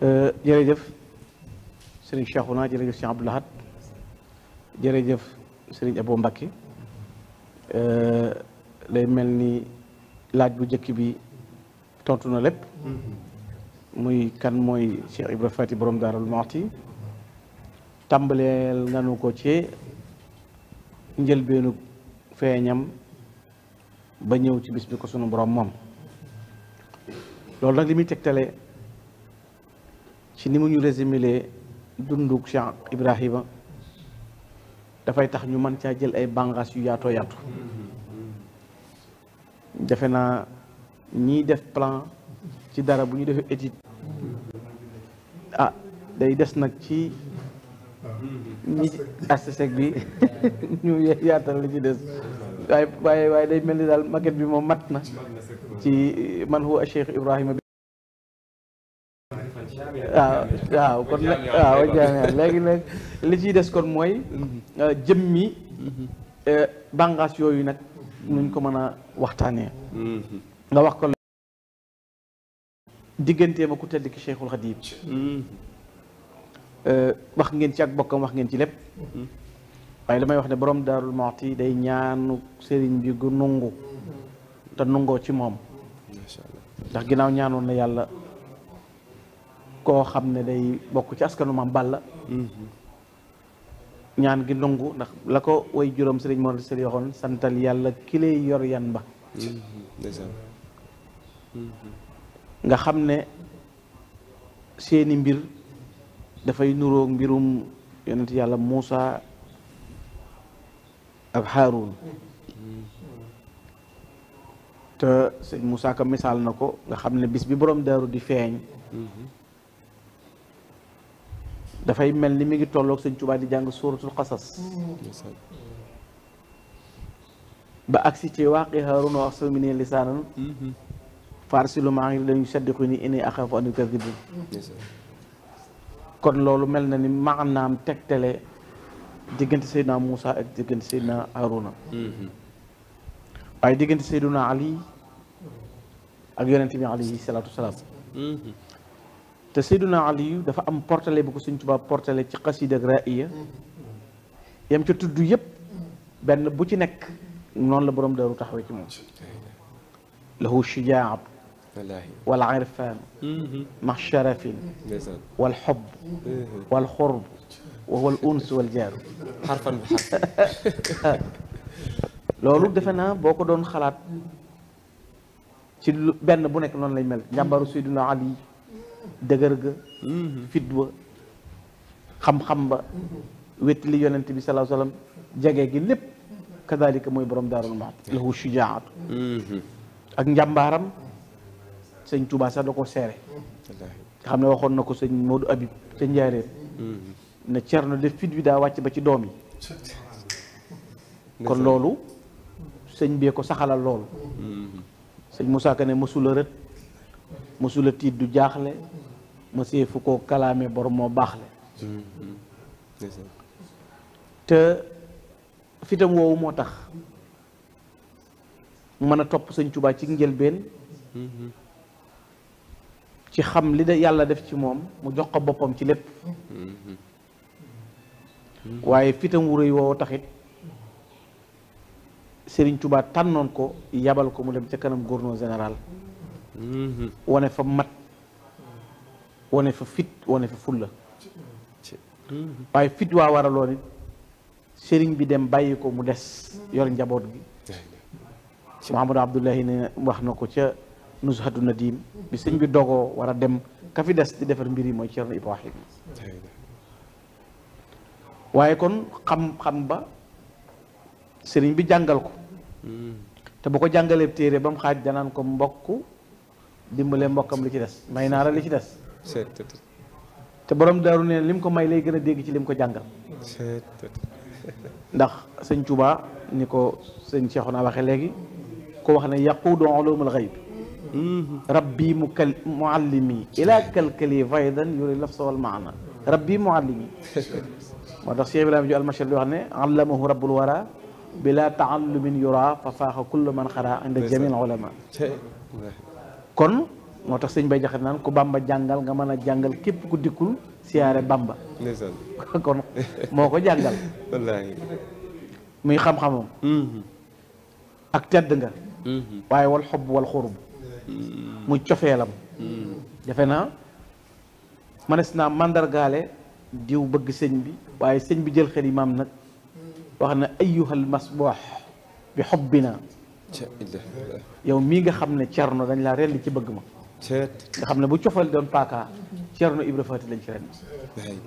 jërëjëf sëriñ Cheikhouna jërëjëf sëriñ Abdou Lahad jërëjëf sëriñ Abo Mbacké day mel ni laaj bu njëkk bi tontu na lépp muy kan mooy Cheikh Ibra Fati borom Daarul Muxti tàmbaleel nga nu ko ci njëlbeenu feeñam ba ñëw ci bis bi ko sunu borom moom loolu nag li muy tegtale ci ni mu ñu résumé dunduk Cheikh Ibrahima dafay tax ñu man caa jël ay bànqaas yu yaatoo yaatu defe naa ñiy def plan ci dara bu ñu defee étude ah day des nag ci ñi asesec bi ñu yaatal li ci des waaye waaye waaye day mel ni daal maquette bi moom mat na ci man huwa Cheikh Ibrahima waaw waaw kon nag waaw jaamia léegi nag li ciy des kon mooy mhm. euh, jëmmi mhm. euh, bànqaas yooyu nag nuñ ko mën a waxtaanee mhm. nga wax ko digganteem ak ku tedd ki Cheikhul Khadim euh, wax ngeen ci ak bokkam wax ngeen ci lépp waaye damay wax ne borom daarul Muxti day ñaanu sëriñ bi gu nungu te nungoo ci moom ndax ginnaaw ñaanoon na yàlla koo xam ne day bokk ci askanu maam ñaan gi nangu ndax la ko way juróom sëriñ Mor Sëriñ waxoon santal yàlla ki yor yan ba nga xam ne seeni mbir dafay nuroog mbirum yonent yàlla Muusa ak Haarun te sëñ Muusa ka misaal na ko nga xam ne bis bi borom daaru di feeñ dafay mel ni mi ngi tolloog sëñ Tuubaa di jàng suuratul xasas ba agsi ci waaqi haaruna wax soo mi ne lisaanan farsilu maa ngi dañu saddiqu ni inni kon loolu mel na ni maanaam tegtale diggante Seydina Moussa ak diggante Seydina Haaruna waaye diggante Seydina Ali ak yonente bi alayhi salaatu wasalaam te Seyduna Aliyu dafa am portale bu ko Sëñ Tuubaa portale ci xasida ak raaya yam ca tudd yépp benn bu ci nekk noonu la boroom daru taxawee ci moom lahu shijaa wal irfaan mhm. ma sharafin wal xob mhm. defe naa boo ko doon xalaat ci benn bu nekk noonu lay mel njàmbaru Seyduna Aliyu dëgër ga mm-hmm. fit wa xam-xam ba mm-hmm. wettali yonent bi salaa sallam jege gi lépp kadalika mooy borom daarul maat lahu shujaatu mm-hmm. ak njàmbaaram sëñ Tuubaa sax da ko seere nga xam ne waxoon na ko sëñ Modou Habib ca njaareem ne Cerno def fit bi daa wàcc ba ci doom yi kon loolu sëñ bee ko saxalal loolu sëñ Moussa ne mësula rët mësula tiit du jaaxle mësee fu ko kalaame borom moo baaxle te fitam woowu moo tax mën a topp sëñ Tuubaa ci njëlbeen ci xam li da yàlla def ci moom mu jox ko boppam ci lépp waaye fitam wu rëy woowu taxit Sëriñ Tuubaa tànnoon ko yabal ko mu dem ca kanam gouverneur général Mm-hmm. wane fa mat wane fa fit wane fa fulla mm-hmm. waaye fit waa waraloon it sëriñ bi dem bàyyi ko mu des yor njaboot gi Mouhamadou mm-hmm. Abdoulahi ne wax na ko ca Nuzhatu Nadim bi sëñ bi dogoo war a dem ka fi des di defar mbir yi mooy Cerno Ibrahim waaye kon xam-xam ba sëriñ bi jàngal ko te bu ko jàngalee téere ba mu xaaj danaan ko mbokk dimbale mbokkam li ci des may naa la li ci des te borom daaru ne lim ko may lay gën a dégg ci lim ko jàngal ndax sëñ Tuubaa ni ko sëñ Seexuna waxe léegi ko wax ne yaquudu ulumul xayb mhm. rabbi mu kal muallimi ila kalkali faydan yuri lafsa wal maana rabbi muallimi moo tax Cheikh Ibrahima ju almachal di wax ne allamahu rabbul wara bila taallumin yura fa faaxa kullu man xara inda jamil kon moo tax sëñ bay jaxat naan ku bàmba jàngal nga mën a jàngal képp ku dikkul siyaare bàmba kon moo ko jàngal wallaahi muy xam-xamam mm-hmm. ak tedd nga mm-hmm. waaye wal xob wal xurub mm-hmm. muy cofeelam defe naa manes naa mandargaale diw bëgg sëñ bi waaye sëñ bi jël xel yi maam nag wax na ayyuhal masboox bi xobbina yow mii nga xam ne cerno dañ laa rell ci bëgg ma nga xam ne bu cofal doon paaka cerno Ibra Faati lañ ci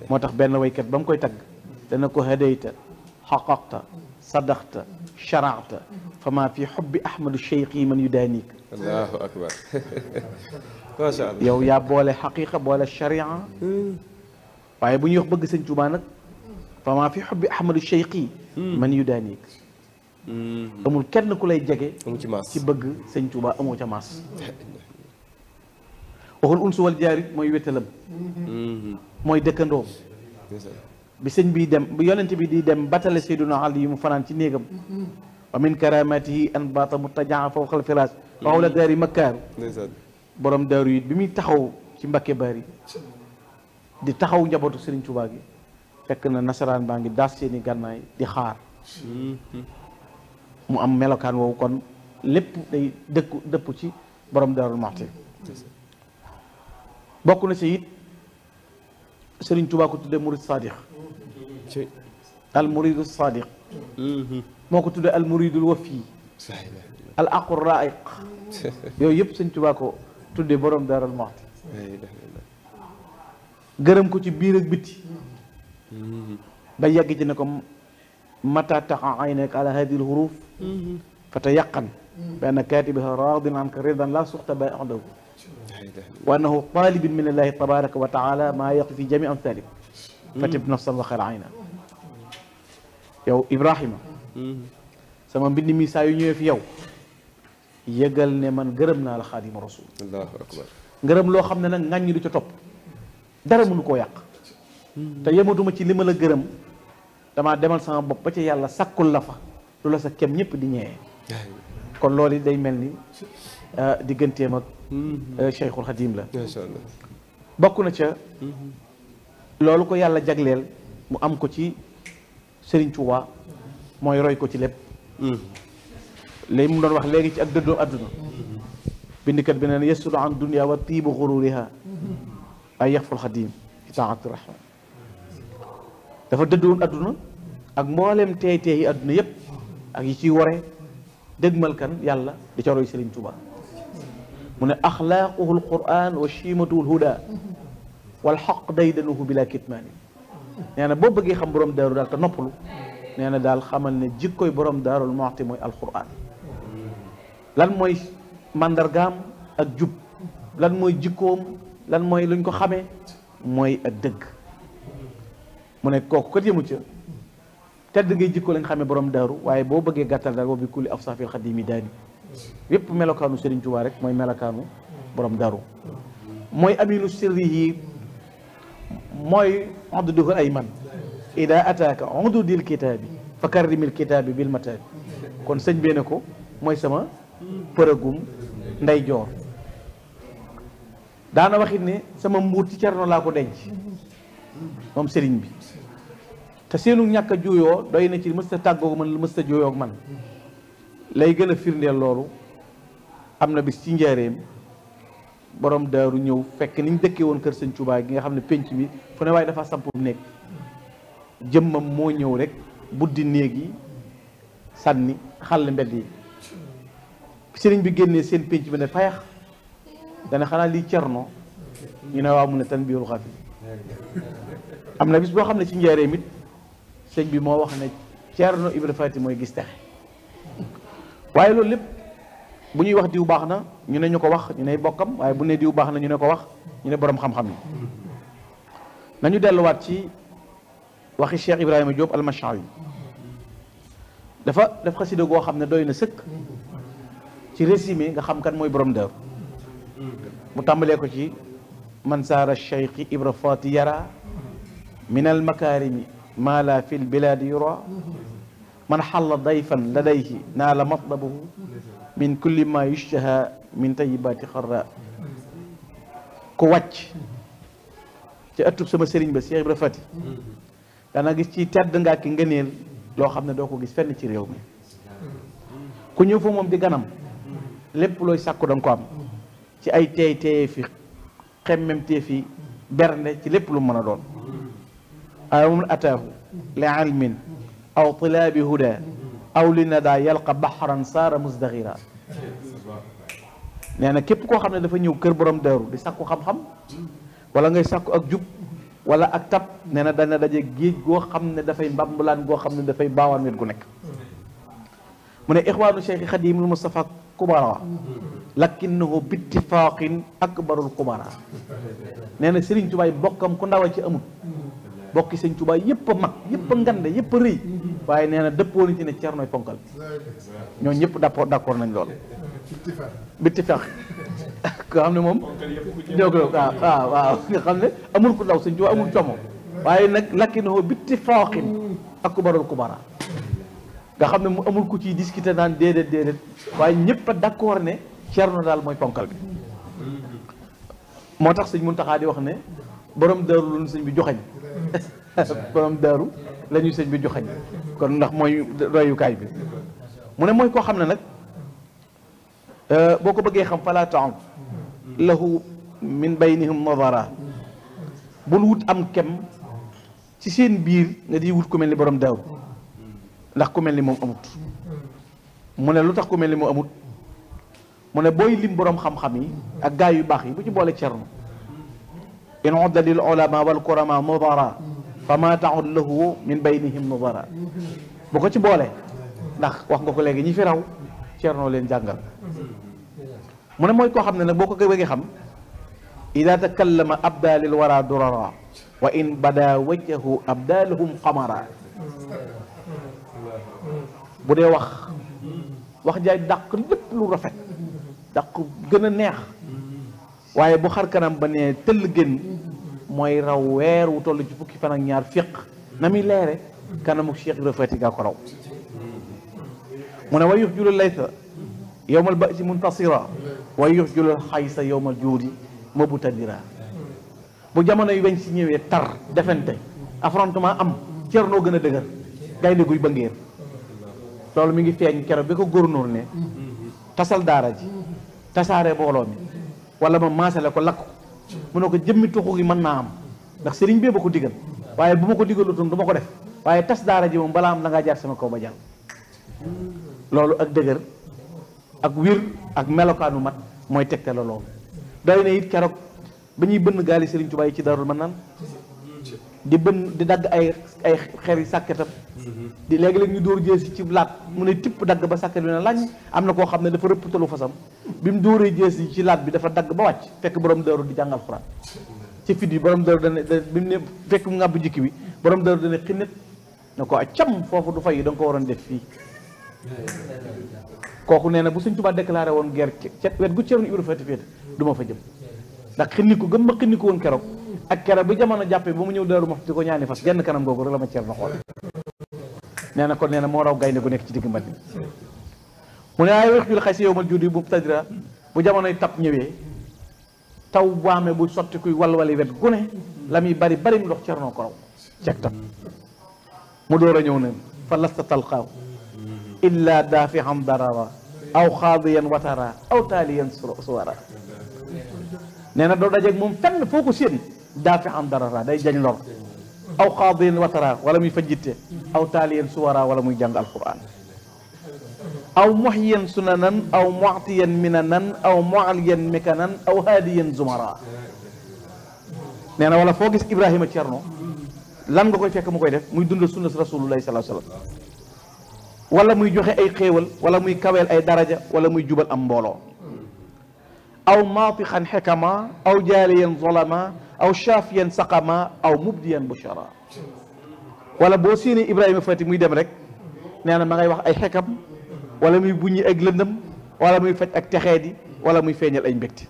moo tax benn waykat ba mu koy tagg dana ko hadayta xaqaqta sadaxta sharaxta fama fi xubbi ahmadu cheikh yi man yu daanik allahu akbar macha yow yaa boole xaqiqa boole sharia hmm. waaye bu ñuy wax bëgg sëñ Tuubaa nag fi xubbi ahmadu cheikh yi hmm. man yu daanik Mm-hmm. amul kenn ku lay jege. ci bëgg sëñ Touba amoo ca maas. waxul unsu wal jaari mooy wétalam. Mm-hmm. mooy dëkkandoom. bi sëñ bi dem bi yonent bi di dem batale Seyduna Ali yi mu fanaan ci néegam. Mm-hmm. wa min karamatihi an baata mu tajaa fawqal firaas. wa hawla daari makkaaru. borom daaru yi bi muy taxaw ci Mbakke Baari di taxaw njabootu Serigne Touba gi fekk na nasaraan baa ngi daas seeni gànnaay di xaar. mu am melokaan woowu kon lépp day dëkku dëpp ci borom Daarul Muxti bokk na ci it Sëriñ Tuubaa ko tudde murid sadiq al muridu sadiq mhm. moo ko tudde al muridul wafi al aqur raiq yooyu yëpp Sëriñ Tuubaa ko tudde borom Daarul Muxti gërëm ko ci biir ak biti mhm. ba yàgg ci ne ko mata taxa aynak ala hadihi lhuruf fa tayaqan bi anna katibaha radin anka ridan la suxta ba'dahu wa annahu talibin min allahi tabaraka wa taala ma yaqi fi jami amthalik fatib nafsan wa xel ayna yow ibrahima sama mbind mi saa yu ñëwee fi yow yëgal ne man gërëm naa la xaadima rasul allahu akbar ngërëm loo xam ne nag ngañ ñi du ca topp dara mënu koo yàq mm-hmm. te yematuma ci li ma la gërëm damaa demal sama bopp ba ca yàlla sakkul la fa lu la sa kem ñëpp di ñëwee kon loolu day mel ni euh, digganteem ak mm-hmm. euh, Cheikhul Khadim la bokk na ca mm-hmm. loolu ko yàlla jagleel mu am ko ci sëriñ Touba mooy roy ko ci lépp mm-hmm. léegi mu doon wax léegi ci ak dëddoo adduna bindikat bi neen yesulu an dunia tiibu xururiha ay yaxful xadim itaatu rahman dafa dëdduwoon adduna ak mboolem teey teey yi adduna yépp ak yi ciy ware dëgmal kan yàlla di ca roy Sëriñ Tuuba mu ne axlaaquhu alquran wa chiimatuhu alhuda wal xaq day danuhu bila kitmaani nee na boo bëggee xam borom daaru daal te noppalu nee na daal xamal ne jikkoy borom daarul moxti mooy alquran lan mooy màndargaam ak jub lan mooy jikkoom lan mooy luñ ko xamee mooy ak dëgg mu ne kooku kat yëmu ca tedd ngay jikko la nga xamee borom daaru waaye boo bëggee gàttal daal boobu kulli af safil xadimi daani yépp melokaanu Serigne Touba rek mooy melokaanu borom daaru mooy aminu sirri yi mooy onduduhul ay man ida ataaka ondudil kitaabi fa karrimil kitaabi bil mataabi kon sëñ bee ne ko mooy sama përëgum nday joor daana waxit ne sama mbuur ci cerno laa ko denc moom sëriñ bi te seenu ñàkk a juuyoo doy na ci mës ta tàggoo man lu ta juuyoo man lay gën a firndeel loolu am na bis ci njaareem boroom daaru ñëw fekk niñ dëkkee woon kër sëñ Tuubaa gi nga xam ne penc mi fu ne waaye dafa samp néeg jëmmam moo ñëw rek buddi néeg yi sànni xàll mbedd yi sëriñ bi génnee seen pénc bi ne fayax dana xanaa lii cerno ñu ne waaw mu ne tan biiru xafi am na bis boo xam ne ci njaareem it sëñ bi moo wax ne Ceerno Ibra Faati mooy gis texe waaye loolu lépp bu ñuy wax diw baax na ñu ne ñu ko wax ñu ne bokkam waaye bu ne diw baax na ñu ne ko wax ñu ne boroom xam-xam yi nañu delluwaat ci waxi Cheikh Ibrahima Diop almashawi dafa daf xasida goo xam ne doy na sëkk ci résumé nga xam kan mooy borom dër mu tàmbalee ko ci man saara Cheikh Ibra Faati yara min al makarimi maa laa fil bilaadi yura man xalla dayfan ladayhi naa la matlabuhu min kulli ma yushtaha min tayibaati xarra ku wàcc ci ëttub sama sëriñ ba Cheikh Ibra Fati dana gis ci tedd nga ki ngëneel loo xam ne doo ko gis fenn ci réew mi ku ñëw fa moom di ganam lépp looy sàkku danga ko am ci ay teey teeye fi xemmem fi bernde ci lépp lu mën a doon aw man ataahu li ilmin aw tilaabi huda aw li nada yalqa baxran saara musdaxira nee na képp koo xam ne dafa ñëw kër borom daaru di sàkku xam-xam wala ngay sakk ak jub wala ak tab nee na dana daje géej goo xam ne dafay mbambulaan goo xam ne dafay baawaan wet gu nekk mu ne ixwaanu cheikh xadimul mustafa kubara lakinnahu bittifaqin akbarul kubara Sëriñ Tubaay bokkam ku ndaw a ci amul bokki sëñ Tuubaa yëpp a mag yëpp a ngande yëpp a rëy waaye nee na dëppoo nañ ci ne Ceerno ponkal ñoo ñëpp d'accord d'accord nañ lool bitti fex nga moom ñoo amul ku daw sëñ amul como waaye nag lakki na bitti ak ku barul nga xam ne mu amul ku ci discuter naan déedéet déedéet waaye ñëpp a d'accord ne Ceerno daal mooy ponkal bi moo tax sëñ Muntaxaa di wax ne borom daaru lu sëñ bi joxañ borom daaru la ñuy sëñ bi joxañ kon ndax mooy royukaay bi mu ne mooy koo xam ne nag euh, boo ko bëggee xam falaa taam lahu min baynihim nadara bul wut am kem ci seen biir nga di wut ku mel ni borom daaru ndax ku mel ni moom amut mu ne lu tax ku mel ni moom amut mu ne booy lim borom xam-xam yi ak gaa yu baax yi bu ci boole cerno in udda lil ulama wal kurama nudara fa ma taxut lahu min baynihim nudara bu ko ci boole ndax wax nga ko léegi ñi fi raw ceernoo leen jàngal mu ne mooy koo xam ne nag boo ko bëggee xam ida takallama abda lil wara durara wa in bada wajhahu abdaluhum xamara bu dee wax wax jaay dàq lu rafet dàq gën a neex waaye bu xar kanam ba nee tëll génn mooy raw weer wu toll ci fukki fan ak ñaar fiq na muy leere kanamu Cheikh Ibra Fati gaa ko raw mu ne way yux julul laysa yowmal basi muntasira way yux julul xaysa yowmal juudi mabutadira bu jamono yu weñ si ñëwee tar defente affrontement am cër noo gën a dëgër gaynde guy ba ngéer loolu mi ngi feeñ kero bi ko góornóor ne tasal daara ji tasaare booloo mi wala ma maasale ko lakk mu ne ko jëmmi tuxu gi mën naa am ndax sëriñ bee ba ko digal waaye bu ma ko digalutoon du ma ko def waaye tas daara ji moom balaa am la ngaa jaar sama kaw ba jàll loolu ak dëgër ak wir ak melokaanu mat mooy tegte la loolu doy na it keroog ba ñuy bënn gaali sëriñ Tuubaa yi ci darul man naan di bën di dagg ay ay yi sàkketam mm-hmm. di léegi-léegi ñu dóor jeesi ci laat mu ne tipp dagg ba sàkket bi na lañ am na koo xam ne dafa rëpptalu fasam bi mu dóoree jees yi ci laat bi dafa dagg ba wàcc fekk boroom daaru di jàngal xuraan ci fit yi borom daaru dane bi mu ne fekk mu ngàbb jikki bi borom daaru dane xinnet ne ko accam foofu du fay da nga ko waroon def fii kooku nee na bu sëñ Tuubaa déclaré woon guerre cet wet gu ceroon Ibra Faati féete du ma fa jëm ndax xinni ko gën ma xinni ko woon keroog ak kere bu jamono jàppee ba mu ñëw daaru Muxti di ko ñaani fas genn kanam googu rek la ma ceer na xool nee na kon nee moo raw gaynde gu nekk ci digg mbat mu ne ay wax jul xay si yow mal judi bu tadira bu jamonoy tap ñëwee taw waame bu sotti kuy walwali wet gune la muy bari bari ndox ceer noo ko raw ceeg tap mu door a ñëw nen fa lasta talqaaw illa daafiham fi xam xaadiyan watara aw taaliyan suwara nee na doo dajeeg moom fenn foo ko séen daafi an darara day jañ lor aw xaadiyan watara wala muy fajitte aw taaliyan suwara wala muy jàng alquran aw muxyan sunanan aw muctiyan minanan aw mucaliyan mikanan aw haadiyan zumara nee na foo gis Ibrahima Cerno lan nga koy fekk mu koy def muy dund sunna rasulullahi salaa sallam muy joxe ay xéewal wala muy kaweel ay daraja wala muy jubal am mbooloo aw maatixan xekama aw jaaliyan zolama aw shaafiyan saqama aw mubdiyan bushara wala boo séenee Ibrahima Fati muy dem rek nee na ma ngay wax ay xekam wala muy buññi ak lëndëm wala muy faj ak texee di wala muy feeñal ay mbégte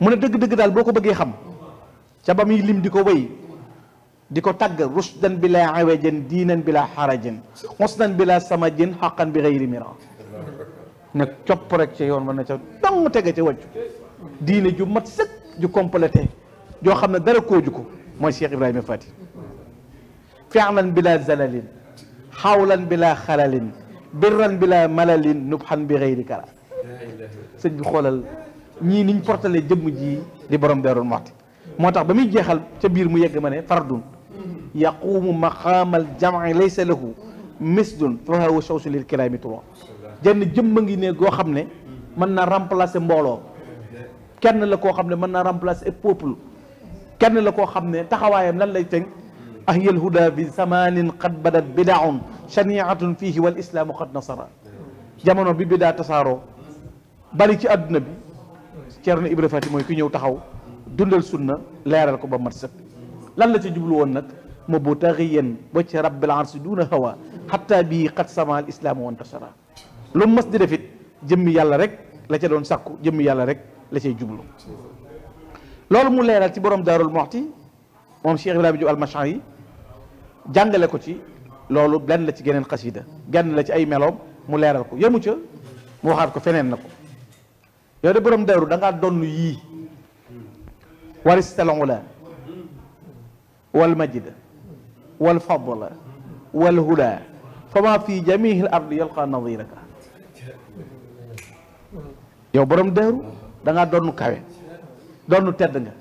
mu dëgg-dëgg daal boo ko bëggee xam ca ba muy lim di ko wéy di ko tàgg rusdan bila awajan diinan bila xarajan xusnan bila samajin xaqan bi gayri mira ne copp rek ci yoon wan na ca dong tege ca wàccu diine ju mat sëkk ju complété joo xam ne dara kooju ko mooy Cheikh Ibrahima Fati fi'lan bila zalalin xawlan bila xalalin birran bila malalin nubxan bi xëyri kara sëñ bi xoolal ñii niñ portale jëmm ji di borom Daaru Muxti moo tax ba muy jeexal ca biir mu yegg ma ne fardun yaqumu maqaamal jamci laysa lahu misdun fahawa shawsu lil kiraami turaa jën jëmm ngi ne goo xam ne mën naa remplacer mbooloo kenn la koo xam ne mën naa remplace remplacer peuple kenn la koo xam ne taxawaayam lan lay tënk ahyal huda bi samanin qad badat bidaun shaniatun fihi wal islaamu qad nasara jamono bi bidaa tasaaroo bari ci àdduna bi Ceerno Ibra Fati mooy ki ñëw taxaw dundal sunna leeral ko ba mat sëpp lan la ci jublu woon nag mu bu taxiyan ba ci rabbil arsi duuna hawa xatta bii qad sama al islaamu wa ntasara lu mës di def it yàlla rek la ca doon sàkku jëmm yàlla rek la cay jublu loolu mu leeral ci borom daarul moxti moom Cheikh Ibrahima Diop almachan yi jàngale ko ci loolu benn la ci geneen xasida genn la ci ay meloom mu leeral ko yemu ca mu waxaat ko feneen na ko yow de borom daaru da ngaa donn yii waristalongu la wal majid wal fadla wal huda fama fi jamihi l ardi yalqa yow borom deeru da donnu doon kawe doon tedd nga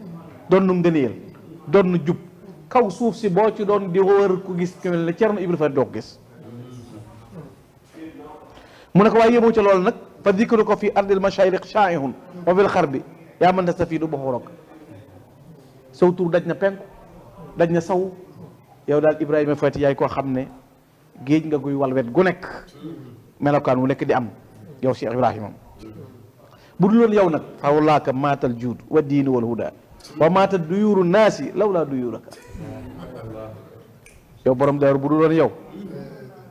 doon ngëneel doon jub kaw suuf si boo ci doon di wër ku gis ku mel ne Cerno Ibra Faty doo ko gis mu ne ko waaye yémoo ca loolu nag fa dikru ko fi ardil mashariq shaihun wa fil xarbi yaa man tastafiidu buxurak sow tur daj na penku daj na saw yow daal Ibrahima Faty yaay koo xam ne géej nga guy walwet gu nekk melokaan wu nekk di am yow Cheikh Ibrahima bu dul woon yow nag faw laaka maatal juud wa diini wal huda wa maatal duyuuru naasi law laa duyuuraka yow borom daaru bu du woon yow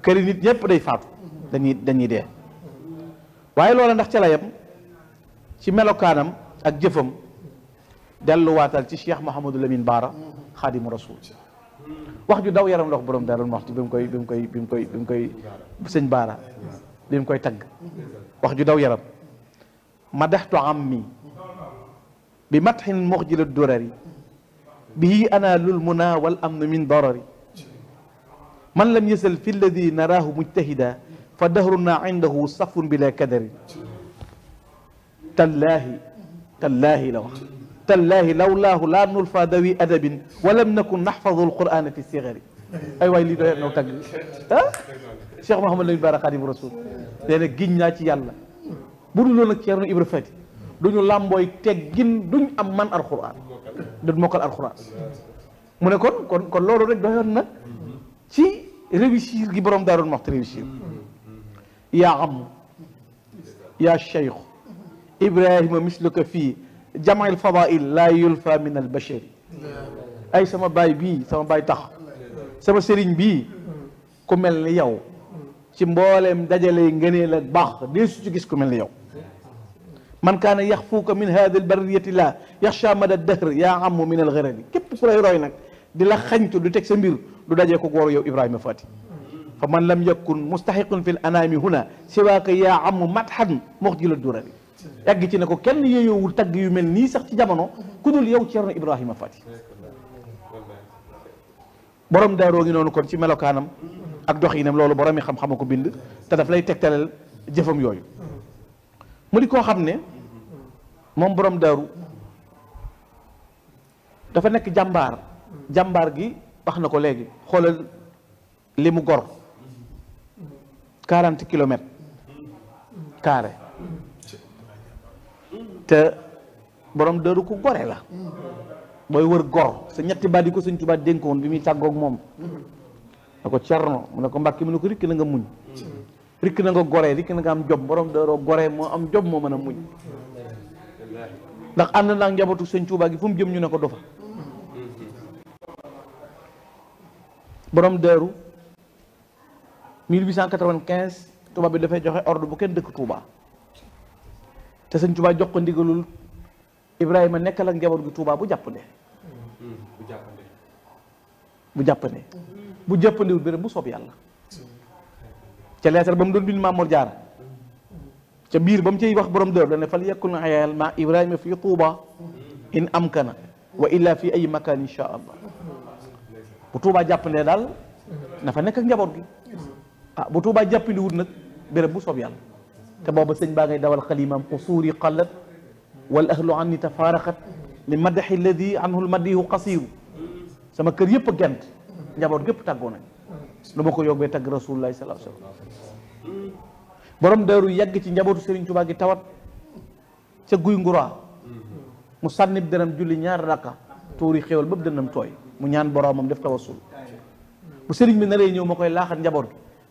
këri nit ñëpp day faatu dañuy dañuy dee waaye loola ndax ca la ci melokaanam ak jëfam delluwaatal ci Cheikh Mouhamadou Lamine Baara xaadimu rasul wax ju daw yaram la borom daaru wax bi mu koy bi koy bi koy bi mu koy sëñ Baara bi mu koy tagg wax ju daw yaram مدحت عمي بمدح مخجل الدرر به أنال المنى والأمن من ضرر من لم يزل في الذي نراه مجتهدا فدهرنا عنده صف بلا كدر تالله تالله لو تالله لولاه لا نلفى ذوي أدب ولم نكن نحفظ القرآن في الصغر ay waay lii doy na tagg ah Cheikh Mouhamadou Lamine Bara Khadimu Rasul nee na giñ naa ci yàlla bu dul loolu nag Ceerno Ibra Faty duñu làmbooy teggin duñ am man alxuraan du mokkal alxuraan mu ne kon kon kon loolu rek doyoon na ci réussir gi borom daaroon maxte réussir yaa am yaa cheikh ibrahima misluka fii jamail fadail laa yulfa min albachari ay sama baay bii sama baay tax sama sëriñ bii ku mel ni yow ci mboolem dajale ngëneel ak baax dee su ci gis ku mel ni yow man kaana yaxfuuka min hadi albarriyati la yaxsha mada dahr yaa amu min algarari képp ku lay roy nag di la xañtu lu teg sa mbir du dajee ko góor yow ibrahima fati fa man lam yakun mustahiqun fi l anaami huna siwaaka yaa mu mathan mox ji la durari yàgg ci ne ko kenn yeyowul tagg yu mel nii sax ci jamono ku dul yow ceerno ibrahima fati borom daaroo ngi noonu kon ci melokaanam ak doxinam loolu borom yi xam-xama ko bind te daf lay tegtalal jëfam yooyu mu di koo xam ne moom borom daaru dafa nekk jàmbaar jàmbaar gi wax na ko léegi xoolal li mu gor quarante kilomètres kaare te borom daaru ku gore la booy wër gor sa ñetti baat yi ko sëñ Tuubaa dénkoon bi muy tàggoog moom na ko cerno mu ne ko mbàkki mu ne ko rikk na nga muñ rikk na nga gore rikk na nga am job borom daaroo gore moo am job moo mën a muñ ndax ànd naa njabootu sëñ Tuubaa gi fu mu jëm ñu ne ko dofa borom deeru 1895 tubaab bi dafay joxe ordre bu kenn dëkk Touba te sëñ Touba jox ko ndigalul Ibrahima nekkal ak njaboot gi Touba mm-hmm. bu jàppande. bu jàppande bu jàppande bu jàppandewul bi rek bu soob yàlla. ca leetar ba mu doon bind Mamour Diarra ca biir ba mu ciy wax borom dër dane fal yakun ayal ma ibrahima fi tuuba in amkana wa fi ay makaan insha allah bu tuubaa jàppandee daal na fa nekk ak njaboot gi ah bu tuubaa jàppandi wut nag béréb bu soob yàlla te booba sëñ baa ngay dawal xalimaam xusuuri qallat wal ahlu anni tafaaraqat li madaxi alladi anhu lmadihu qasiru sama kër yëpp a gent njaboot gépp tàggoo nañ lu ma ko yóbbee tagg rasulullahi borom daaru yàgg ci njabootu Serigne Touba gi tawat ca guy ngura mu sànnib dërëm julli ñaar rakka tuuri xéwal bépp dënam tooy mu ñaan boromam def tawassul bu Serigne bi naree ñëw ma koy laaxat njaboot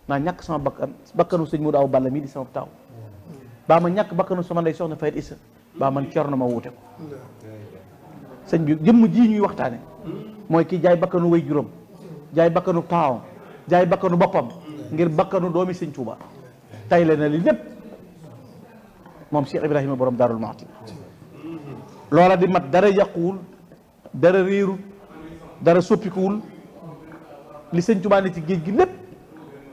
bi ñàkk sama bakkan bakkanu sëñ Modou Awa Balla mii di sama taaw ma ñàkk bakkanu sama ndey soxna Fayit Issa baa man na ma wuute ko sëñ bi jëmm ji ñuy waxtaane mooy kii jaay bakkanu way juróom jaay bakkanu taawam jaay bakkanu boppam ngir bakkanu doomi sëñ Touba tayle na li lépp moom Cheikh Ibrahima borom Daarul Muxti loola di mat dara yàquwul dara réerul soppikuwul li sëñ ci géej gi lépp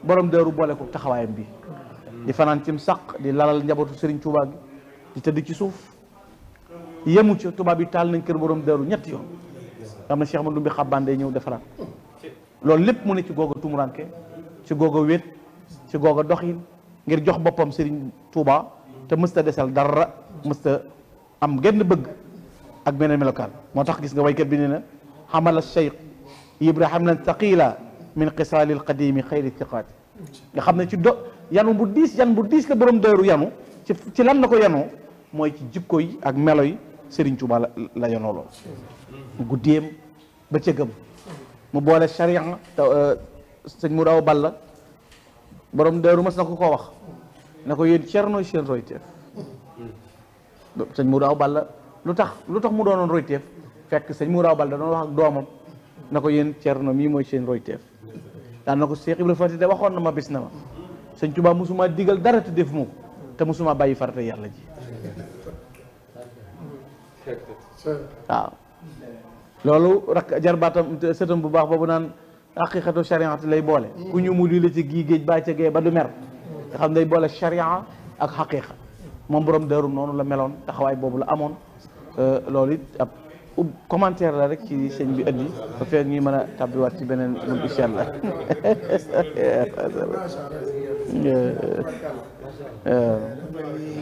borom daaru boole ko taxawaayam bi di fanaan cim saq di lalal njabootu sëriñ Tuubaa ci suuf yemu ca tubaab nañ kër borom ñetti yoon na Cheikh Madou bi xabbaan day ñëw defaraat mu ne ci googa tumuraanke ci googa wéet ci googa doxin ngir jox boppam Serigne Touba te mësta desal dara mësta am genn bëgg ak beneen melokaan moo tax gis nga waykat bi nee na xamala cheikh ibrahim lan taqila min xisalil qadimi xayri thiqaati nga xam ne ci do yanu bu diis yan bu diis la borom dëru yanu ci ci lan la ko yanoo mooy ci jikko yi ak melo yi Serigne Touba la la yanoo guddeem ba cëgam mu boole charia sëñ mu daw balla borom daaru ma sa ko koo wax ne ko yéen cerno seen royteef sëñ Mourou Awa Balla lu tax lu tax mu doonoon royteef fekk sañ mu Awa Balla doon wax ak doomam na ko yéen cerno mii mooy seen royteef daan na ko Seex Ibra Faati de waxoon na ma bis na ma sëñ Tuubaa mosuma digal dara te def mu te mosuma bàyyi farata yàlla ji waaw loolu rak jarbaatam sëtam bu baax boobu naan haqiqatu shariati lay boole ku ñu mu di la ci gii géej baa ca gee ba du mer nga xam day boole sharia ak haqiqa moom borom daaru noonu la meloon taxawaay boobu la amoon euh, loolu it ab commentaire la rek ci sëñ bi indi ba fekk ñuy mën a tabbiwaat ci beneen mun incha la euh, euh,